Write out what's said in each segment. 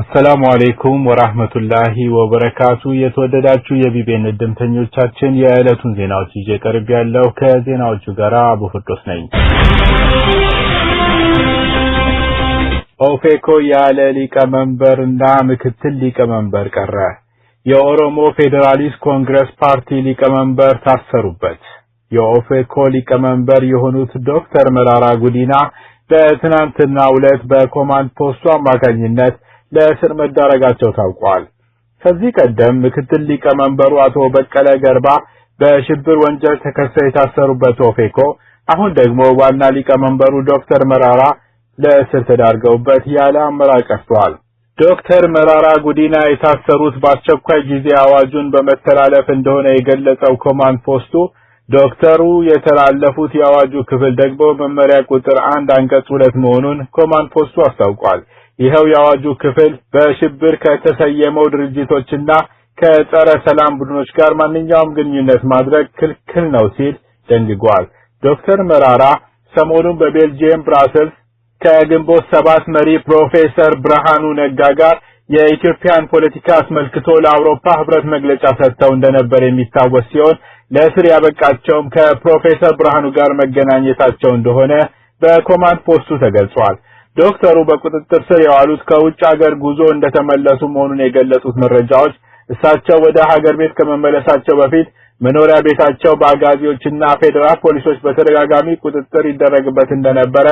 አሰላሙ አሌይኩም ወራህመቱላሂ ወበረካቱ። የተወደዳችሁ የቢቤን እድምተኞቻችን የዕለቱን ዜናዎች ይዤ ያለው ከዜናዎቹ ጋር አቡ ፍርዶስ ነኝ። ኦፌኮ ያለ ሊቀመንበርና ምክትል ሊቀመንበር ቀረ። የኦሮሞ ፌዴራሊስት ኮንግረስ ፓርቲ ሊቀመንበር ታሰሩበት። የኦፌኮ ሊቀመንበር የሆኑት ዶክተር መራራ ጉዲና በትናንትናው ዕለት በኮማንድ ፖስቱ አማካኝነት ለእስር መዳረጋቸው ታውቋል። ከዚህ ቀደም ምክትል ሊቀመንበሩ አቶ በቀለ ገርባ በሽብር ወንጀል ተከሰው የታሰሩበት ኦፌኮ አሁን ደግሞ ዋና ሊቀመንበሩ ዶክተር መራራ ለእስር ተዳርገውበት ያለ አመራር ቀርተዋል። ዶክተር መራራ ጉዲና የታሰሩት በአስቸኳይ ጊዜ አዋጁን በመተላለፍ እንደሆነ የገለጸው ኮማንድ ፖስቱ ዶክተሩ የተላለፉት የአዋጁ ክፍል ደግሞ መመሪያ ቁጥር አንድ አንቀጽ ሁለት መሆኑን ኮማንድ ፖስቱ አስታውቋል። ይኸው የአዋጁ ክፍል በሽብር ከተሰየመው ድርጅቶችና ከጸረ ሰላም ቡድኖች ጋር ማንኛውም ግንኙነት ማድረግ ክልክል ነው ሲል ደንግጓል። ዶክተር መራራ ሰሞኑን በቤልጂየም ብራሰልስ ከግንቦት ሰባት መሪ ፕሮፌሰር ብርሃኑ ነጋ ጋር የኢትዮጵያን ፖለቲካ አስመልክቶ ለአውሮፓ ህብረት መግለጫ ሰጥተው እንደነበር የሚታወስ ሲሆን ለእስር ያበቃቸውም ከፕሮፌሰር ብርሃኑ ጋር መገናኘታቸው እንደሆነ በኮማንድ ፖስቱ ተገልጿል። ዶክተሩ በቁጥጥር ስር የዋሉት ከውጭ ሀገር ጉዞ እንደተመለሱ መሆኑን የገለጹት መረጃዎች እሳቸው ወደ ሀገር ቤት ከመመለሳቸው በፊት መኖሪያ ቤታቸው በአጋዚዎችና ፌዴራል ፖሊሶች በተደጋጋሚ ቁጥጥር ይደረግበት እንደነበረ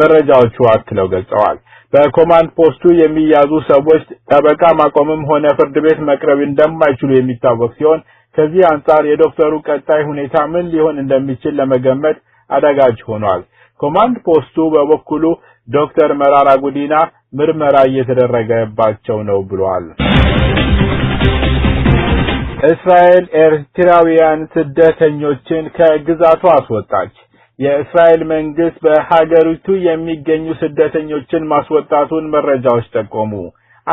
መረጃዎቹ አክለው ገልጸዋል። በኮማንድ ፖስቱ የሚያዙ ሰዎች ጠበቃ ማቆምም ሆነ ፍርድ ቤት መቅረብ እንደማይችሉ የሚታወቅ ሲሆን ከዚህ አንጻር የዶክተሩ ቀጣይ ሁኔታ ምን ሊሆን እንደሚችል ለመገመት አዳጋጅ ሆኗል። ኮማንድ ፖስቱ በበኩሉ ዶክተር መራራ ጉዲና ምርመራ እየተደረገባቸው ነው ብሏል። እስራኤል ኤርትራውያን ስደተኞችን ከግዛቱ አስወጣች። የእስራኤል መንግስት በሀገሪቱ የሚገኙ ስደተኞችን ማስወጣቱን መረጃዎች ጠቆሙ።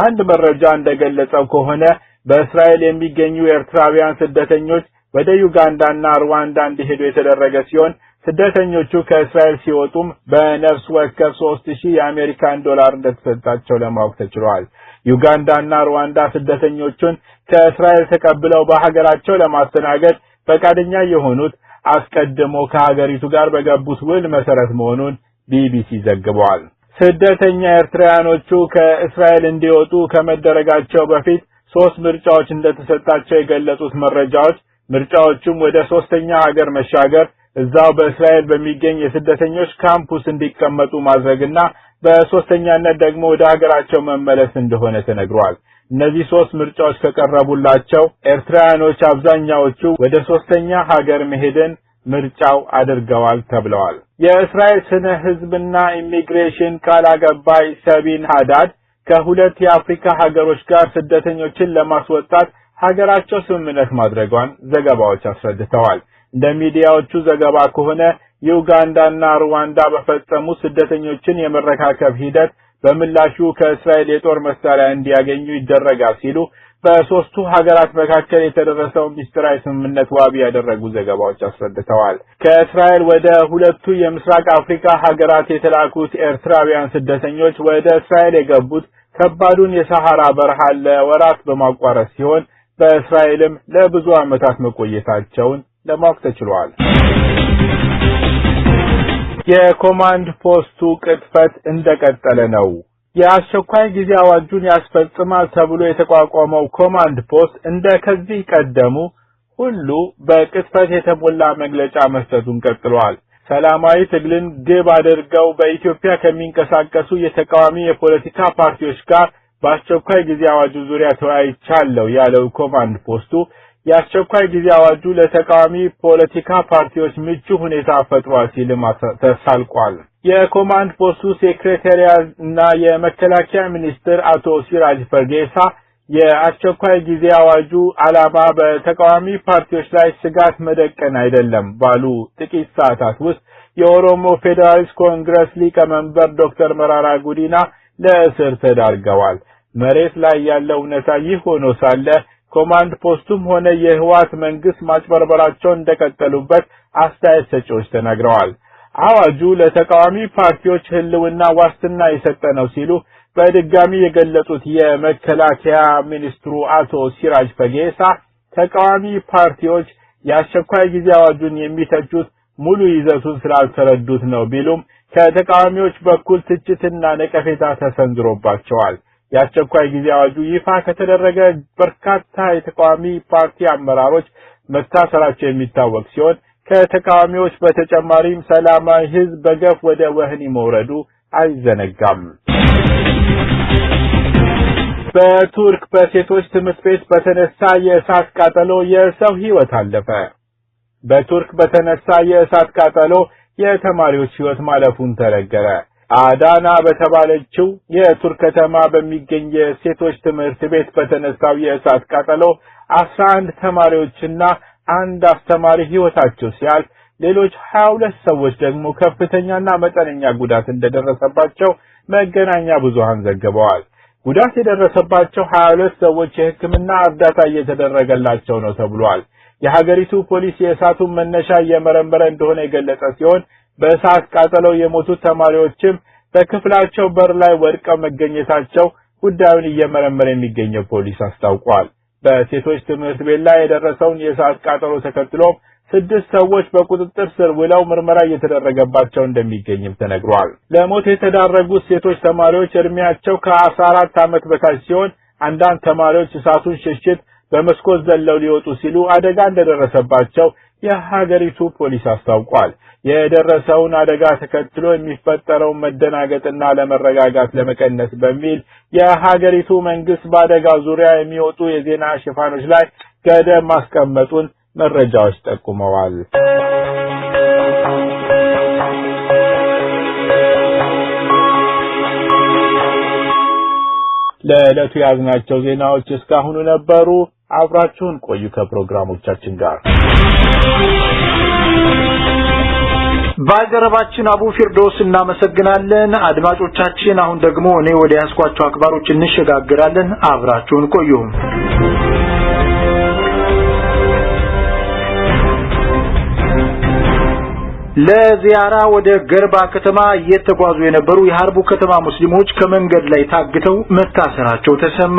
አንድ መረጃ እንደገለጸው ከሆነ በእስራኤል የሚገኙ ኤርትራውያን ስደተኞች ወደ ዩጋንዳና ሩዋንዳ እንዲሄዱ የተደረገ ሲሆን ስደተኞቹ ከእስራኤል ሲወጡም በነፍስ ወከፍ 3000 የአሜሪካን ዶላር እንደተሰጣቸው ለማወቅ ተችሏል። ዩጋንዳና ሩዋንዳ ስደተኞቹን ከእስራኤል ተቀብለው በሀገራቸው ለማስተናገድ ፈቃደኛ የሆኑት አስቀድሞ ከሀገሪቱ ጋር በገቡት ውል መሰረት መሆኑን ቢቢሲ ዘግቧል። ስደተኛ ኤርትራያኖቹ ከእስራኤል እንዲወጡ ከመደረጋቸው በፊት ሶስት ምርጫዎች እንደተሰጣቸው የገለጹት መረጃዎች ምርጫዎቹም ወደ ሶስተኛ ሀገር መሻገር እዛው በእስራኤል በሚገኝ የስደተኞች ካምፑስ እንዲቀመጡ ማድረግና በሶስተኛነት ደግሞ ወደ ሀገራቸው መመለስ እንደሆነ ተነግሯል። እነዚህ ሶስት ምርጫዎች ከቀረቡላቸው ኤርትራውያኖች አብዛኛዎቹ ወደ ሶስተኛ ሀገር መሄድን ምርጫው አድርገዋል ተብለዋል። የእስራኤል ስነ ህዝብና ኢሚግሬሽን ቃል አቀባይ ሰቢን ሀዳድ ከሁለት የአፍሪካ ሀገሮች ጋር ስደተኞችን ለማስወጣት ሀገራቸው ስምምነት ማድረጓን ዘገባዎች አስረድተዋል። እንደሚዲያዎቹ ዘገባ ከሆነ ዩጋንዳና ሩዋንዳ በፈጸሙ ስደተኞችን የመረካከብ ሂደት በምላሹ ከእስራኤል የጦር መሳሪያ እንዲያገኙ ይደረጋል ሲሉ በሶስቱ ሀገራት መካከል የተደረሰው ሚስጥራዊ ስምምነት ዋቢ ያደረጉ ዘገባዎች አስረድተዋል። ከእስራኤል ወደ ሁለቱ የምስራቅ አፍሪካ ሀገራት የተላኩት ኤርትራውያን ስደተኞች ወደ እስራኤል የገቡት ከባዱን የሰሐራ በረሃ ለወራት በማቋረጥ ሲሆን በእስራኤልም ለብዙ ዓመታት መቆየታቸውን ለማወቅ ተችሏል። የኮማንድ ፖስቱ ቅጥፈት እንደቀጠለ ነው። የአስቸኳይ ጊዜ አዋጁን ያስፈጽማል ተብሎ የተቋቋመው ኮማንድ ፖስት እንደ ከዚህ ቀደሙ ሁሉ በቅጥፈት የተሞላ መግለጫ መስጠቱን ቀጥሏል። ሰላማዊ ትግልን ግብ አድርገው በኢትዮጵያ ከሚንቀሳቀሱ የተቃዋሚ የፖለቲካ ፓርቲዎች ጋር በአስቸኳይ ጊዜ አዋጁ ዙሪያ ተወያይቻለሁ ያለው ኮማንድ ፖስቱ የአስቸኳይ ጊዜ አዋጁ ለተቃዋሚ ፖለቲካ ፓርቲዎች ምቹ ሁኔታ ፈጥሯል ሲል ተሳልቋል። የኮማንድ ፖስቱ ሴክሬታሪያ እና የመከላከያ ሚኒስትር አቶ ሲራጅ ፈርጌሳ የአስቸኳይ ጊዜ አዋጁ ዓላማ በተቃዋሚ ፓርቲዎች ላይ ስጋት መደቀን አይደለም ባሉ ጥቂት ሰዓታት ውስጥ የኦሮሞ ፌዴራሊስት ኮንግረስ ሊቀመንበር ዶክተር መራራ ጉዲና ለእስር ተዳርገዋል። መሬት ላይ ያለው እውነታ ይህ ሆኖ ሳለ ኮማንድ ፖስቱም ሆነ የህዋት መንግስት ማጭበርበራቸውን እንደቀጠሉበት አስተያየት ሰጪዎች ተናግረዋል። አዋጁ ለተቃዋሚ ፓርቲዎች ህልውና ዋስትና የሰጠ ነው ሲሉ በድጋሚ የገለጹት የመከላከያ ሚኒስትሩ አቶ ሲራጅ ፈጌሳ ተቃዋሚ ፓርቲዎች የአስቸኳይ ጊዜ አዋጁን የሚተቹት ሙሉ ይዘቱን ስላልተረዱት ነው ቢሉም ከተቃዋሚዎች በኩል ትችትና ነቀፌታ ተሰንዝሮባቸዋል። የአስቸኳይ ጊዜ አዋጁ ይፋ ከተደረገ በርካታ የተቃዋሚ ፓርቲ አመራሮች መታሰራቸው የሚታወቅ ሲሆን ከተቃዋሚዎች በተጨማሪም ሰላማዊ ህዝብ በገፍ ወደ ወህኒ መውረዱ አይዘነጋም። በቱርክ በሴቶች ትምህርት ቤት በተነሳ የእሳት ቃጠሎ የሰው ህይወት አለፈ። በቱርክ በተነሳ የእሳት ቃጠሎ የተማሪዎች ህይወት ማለፉን ተነገረ። አዳና በተባለችው የቱርክ ከተማ በሚገኝ የሴቶች ትምህርት ቤት በተነሳው የእሳት ቃጠሎ 11 ተማሪዎችና አንድ አስተማሪ ህይወታቸው ሲያልፍ ሌሎች 22 ሰዎች ደግሞ ከፍተኛና መጠነኛ ጉዳት እንደደረሰባቸው መገናኛ ብዙሃን ዘግበዋል። ጉዳት የደረሰባቸው 22 ሰዎች የህክምና እርዳታ እየተደረገላቸው ነው ተብሏል። የሀገሪቱ ፖሊስ የእሳቱን መነሻ እየመረመረ እንደሆነ የገለጸ ሲሆን በእሳት ቃጠለው የሞቱት ተማሪዎችም በክፍላቸው በር ላይ ወድቀው መገኘታቸው ጉዳዩን እየመረመረ የሚገኘው ፖሊስ አስታውቋል። በሴቶች ትምህርት ቤት ላይ የደረሰውን የእሳት ቃጠሎ ተከትሎ ስድስት ሰዎች በቁጥጥር ስር ውለው ምርመራ እየተደረገባቸው እንደሚገኝም ተነግሯል። ለሞት የተዳረጉት ሴቶች ተማሪዎች እድሜያቸው ከአስራ አራት ዓመት በታች ሲሆን አንዳንድ ተማሪዎች እሳቱን ሽሽት በመስኮት ዘለው ሊወጡ ሲሉ አደጋ እንደደረሰባቸው የሀገሪቱ ፖሊስ አስታውቋል። የደረሰውን አደጋ ተከትሎ የሚፈጠረውን መደናገጥና ለመረጋጋት ለመቀነስ በሚል የሀገሪቱ መንግስት በአደጋ ዙሪያ የሚወጡ የዜና ሽፋኖች ላይ ገደብ ማስቀመጡን መረጃዎች ጠቁመዋል። ለዕለቱ ያዝናቸው ዜናዎች እስካሁኑ ነበሩ። አብራችሁን ቆዩ ከፕሮግራሞቻችን ጋር። ባልደረባችን አቡ ፊርዶስ እናመሰግናለን። አድማጮቻችን፣ አሁን ደግሞ እኔ ወደ ያስኳቸው አክባሮች እንሸጋግራለን። አብራችሁን ቆዩ። ለዚያራ ወደ ገርባ ከተማ እየተጓዙ የነበሩ የሐርቡ ከተማ ሙስሊሞች ከመንገድ ላይ ታግተው መታሰራቸው ተሰማ።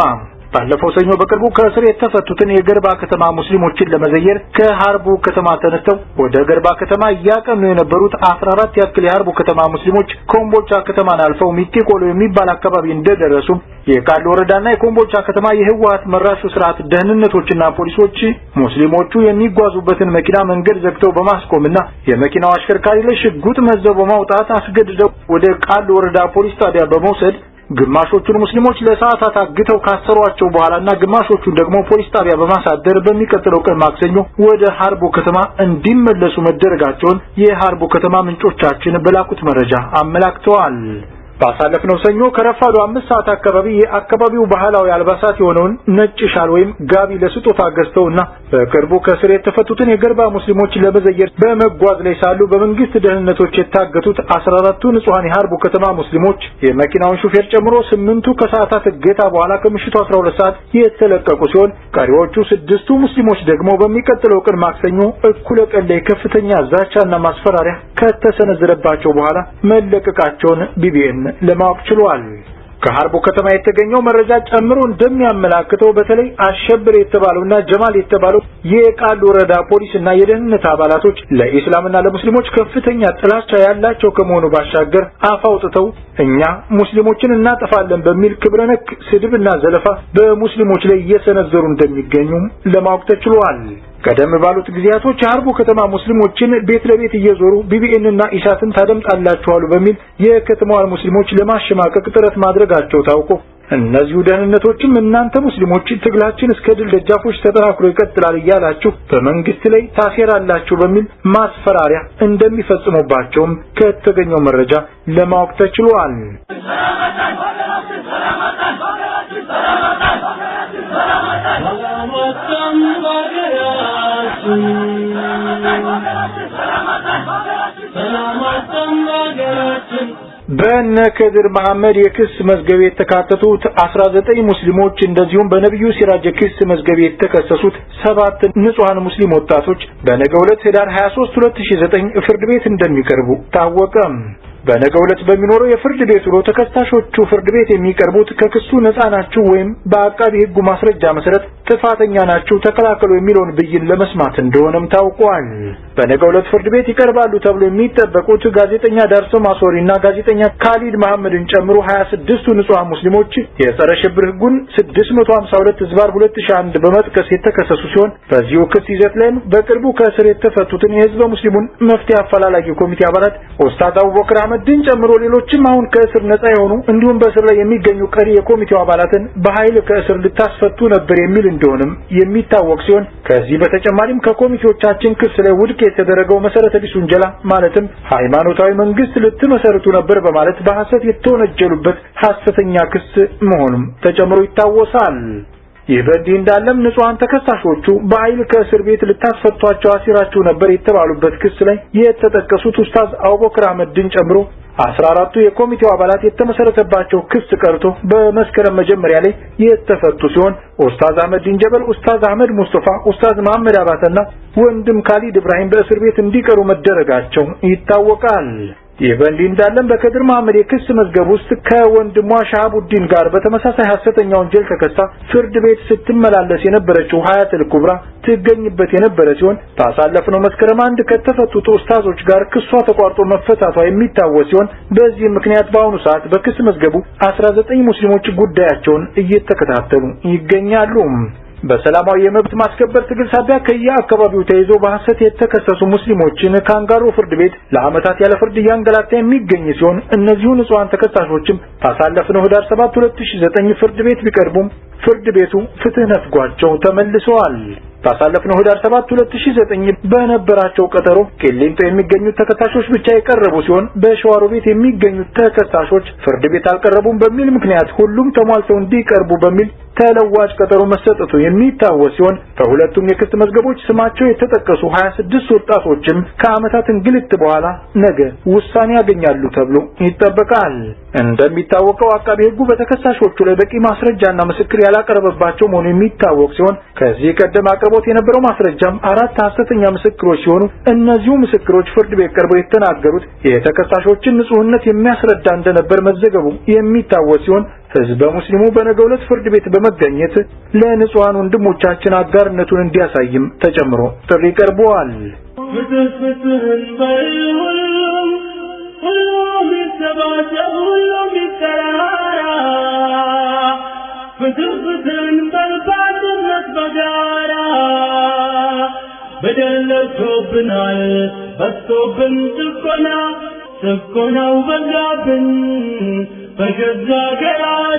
ባለፈው ሰኞ በቅርቡ ከእስር የተፈቱትን የገርባ ከተማ ሙስሊሞችን ለመዘየር ከሃርቡ ከተማ ተነስተው ወደ ገርባ ከተማ እያቀኑ የነበሩት 14 ያክል የሃርቡ ከተማ ሙስሊሞች ኮምቦልቻ ከተማን አልፈው ሚቴቆሎ የሚባል አካባቢ እንደደረሱ የቃል ወረዳና የኮምቦልቻ ከተማ የህወሀት መራሹ ስርዓት ደህንነቶችና ፖሊሶች ሙስሊሞቹ የሚጓዙበትን መኪና መንገድ ዘግተው በማስቆምና የመኪናው አሽከርካሪ ለሽጉጥ መዘው በማውጣት አስገድደው ወደ ቃል ወረዳ ፖሊስ ጣቢያ በመውሰድ ግማሾቹን ሙስሊሞች ለሰዓታት አግተው ካሰሯቸው በኋላና ግማሾቹን ደግሞ ፖሊስ ጣቢያ በማሳደር በሚቀጥለው ቀን ማክሰኞ ወደ ሀርቦ ከተማ እንዲመለሱ መደረጋቸውን የሀርቦ ከተማ ምንጮቻችን በላኩት መረጃ አመላክተዋል። ባሳለፍነው ሰኞ ከረፋዱ አምስት ሰዓት አካባቢ የአካባቢው ባህላዊ አልባሳት የሆነውን ነጭ ሻል ወይም ጋቢ ለስጦታ ገዝተውና በቅርቡ ከእስር የተፈቱትን የገርባ ሙስሊሞች ለመዘየር በመጓዝ ላይ ሳሉ በመንግስት ደህንነቶች የታገቱት አስራ አራቱ ንጹሐን የሀርቡ ከተማ ሙስሊሞች የመኪናውን ሹፌር ጨምሮ ስምንቱ ከሰዓታት እገታ በኋላ ከምሽቱ አስራ ሁለት ሰዓት የተለቀቁ ሲሆን ቀሪዎቹ ስድስቱ ሙስሊሞች ደግሞ በሚቀጥለው ቀን ማክሰኞ እኩለ ቀን ላይ ከፍተኛ ዛቻና ማስፈራሪያ ከተሰነዘረባቸው በኋላ መለቀቃቸውን ቢቢኤን ለማወቅ ችሏል። ከሀርቦ ከተማ የተገኘው መረጃ ጨምሮ እንደሚያመላክተው በተለይ አሸብር የተባለውና ጀማል የተባለው የቃል ወረዳ ፖሊስ እና የደህንነት አባላቶች ለኢስላምና ለሙስሊሞች ከፍተኛ ጥላቻ ያላቸው ከመሆኑ ባሻገር አፋውጥተው አውጥተው እኛ ሙስሊሞችን እናጠፋለን በሚል ክብረ ነክ ስድብና ዘለፋ በሙስሊሞች ላይ እየሰነዘሩ እንደሚገኙ ለማወቅ ተችሏል። ቀደም ባሉት ጊዜያቶች አርቡ ከተማ ሙስሊሞችን ቤት ለቤት እየዞሩ ቢቢኤንና ኢሳትን ታደምጣላችኋሉ በሚል የከተማዋን ሙስሊሞች ለማሸማቀቅ ጥረት ማድረጋቸው ታውቆ እነዚሁ ደህንነቶችም እናንተ ሙስሊሞች ትግላችን እስከ ድል ደጃፎች ተጠናክሮ ይቀጥላል እያላችሁ በመንግስት ላይ ታሴራላችሁ በሚል ማስፈራሪያ እንደሚፈጽሙባቸውም ከተገኘው መረጃ ለማወቅ ተችሏል። በነ ከድር መሐመድ የክስ መዝገብ የተካተቱት 19 ሙስሊሞች እንደዚሁም በነብዩ ሲራጅ የክስ መዝገብ የተከሰሱት ሰባት ንጹሃን ሙስሊም ወጣቶች በነገው ዕለት ህዳር 23 2009 ፍርድ ቤት እንደሚቀርቡ ታወቀ። በነገው ዕለት በሚኖረው የፍርድ ቤት ውሎ ተከሳሾቹ ፍርድ ቤት የሚቀርቡት ከክሱ ነፃ ወይም በአቃቢ ህጉ ማስረጃ መሰረት ጥፋተኛ ናቸው ተከላከሉ የሚለውን ብይን ለመስማት እንደሆነም ታውቋል። በነገው ዕለት ፍርድ ቤት ይቀርባሉ ተብሎ የሚጠበቁት ጋዜጠኛ ዳርሶ ማሶሪና ጋዜጠኛ ካሊድ መሐመድን ጨምሮ 26ቱ ንጹሃን ሙስሊሞች የፀረ ሽብር ህጉን 652 ዝባር 2001 በመጥቀስ የተከሰሱ ሲሆን በዚሁ ክስ ይዘት ላይም በቅርቡ ከእስር የተፈቱትን የህዝበ ሙስሊሙን መፍትሄ አፈላላጊ ኮሚቴ አባላት ኡስታዝ አቡበክር አህመድን ጨምሮ ሌሎችም አሁን ከእስር ነጻ የሆኑ እንዲሁም በእስር ላይ የሚገኙ ቀሪ የኮሚቴው አባላትን በኃይል ከእስር ልታስፈቱ ነበር የሚል እንደሆነም የሚታወቅ ሲሆን ከዚህ በተጨማሪም ከኮሚቴዎቻችን ክስ ላይ ውድቅ የተደረገው መሰረተ ቢስ ውንጀላ ማለትም ሃይማኖታዊ መንግስት ልትመሰርቱ ነበር በማለት በሐሰት የተወነጀሉበት ሐሰተኛ ክስ መሆኑም ተጨምሮ ይታወሳል። ይህ በእንዲህ እንዳለም ንጹሃን ተከሳሾቹ በኃይል ከእስር ቤት ልታስፈቷቸው አሲራችሁ ነበር የተባሉበት ክስ ላይ የተጠቀሱት ኡስታዝ አቡበክር አህመድን ጨምሮ አስራ አራቱ የኮሚቴው አባላት የተመሰረተባቸው ክስ ቀርቶ በመስከረም መጀመሪያ ላይ የተፈቱ ሲሆን ኡስታዝ አህመድ ዲንጀበል፣ ኡስታዝ አህመድ ሙስጠፋ፣ ኡስታዝ መሐመድ አባተና ወንድም ካሊድ ኢብራሂም በእስር ቤት እንዲቀሩ መደረጋቸው ይታወቃል። ይህ እንዳለን በከድር መሐመድ የክስ መዝገብ ውስጥ ከወንድሟ ሻሃቡዲን ጋር በተመሳሳይ ሐሰተኛ ወንጀል ተከሳ ፍርድ ቤት ስትመላለስ የነበረችው ሀያተል ኩብራ ትገኝበት የነበረ ሲሆን ባሳለፍነው መስከረም አንድ ከተፈቱት ኡስታዞች ጋር ክሷ ተቋርጦ መፈታቷ የሚታወስ ሲሆን በዚህ ምክንያት በአሁኑ ሰዓት በክስ መዝገቡ 19 ሙስሊሞች ጉዳያቸውን እየተከታተሉ ይገኛሉ። በሰላማዊ የመብት ማስከበር ትግል ሳቢያ ከየአካባቢው ተይዞ በሐሰት የተከሰሱ ሙስሊሞችን ካንጋሮ ፍርድ ቤት ለዓመታት ያለ ፍርድ እያንገላታ የሚገኝ ሲሆን እነዚሁ ንጹሐን ተከሳሾችም ባሳለፍነው ህዳር 7 2009 ፍርድ ቤት ቢቀርቡም ፍርድ ቤቱ ፍትህ ነፍጓቸው ተመልሰዋል። ባሳለፍነው ህዳር 7 2009 በነበራቸው ቀጠሮ ቄሊንጦ የሚገኙት ተከሳሾች ብቻ የቀረቡ ሲሆን በሸዋሮ ቤት የሚገኙት ተከሳሾች ፍርድ ቤት አልቀረቡም በሚል ምክንያት ሁሉም ተሟልተው እንዲቀርቡ በሚል ተለዋጭ ቀጠሮ መሰጠቱ የሚታወስ ሲሆን ከሁለቱም የክስ መዝገቦች ስማቸው የተጠቀሱ 26 ወጣቶችም ከዓመታት እንግልት በኋላ ነገ ውሳኔ ያገኛሉ ተብሎ ይጠበቃል። እንደሚታወቀው አቃቤ ህጉ በተከሳሾቹ ላይ በቂ ማስረጃና ምስክር ያላቀረበባቸው መሆኑ የሚታወቅ ሲሆን ከዚህ ቀደም አቅርቦ አቅርቦት የነበረው ማስረጃም አራት ሐሰተኛ ምስክሮች ሲሆኑ እነዚሁ ምስክሮች ፍርድ ቤት ቀርበው የተናገሩት የተከሳሾችን ንጹህነት የሚያስረዳ እንደነበር መዘገቡ የሚታወስ ሲሆን ህዝበ ሙስሊሙ በነገውለት ፍርድ ቤት በመገኘት ለንጹሃን ወንድሞቻችን አጋርነቱን እንዲያሳይም ተጨምሮ ጥሪ ቀርቧል። ሁሉም बजाया कोन त कोन बजा बि गा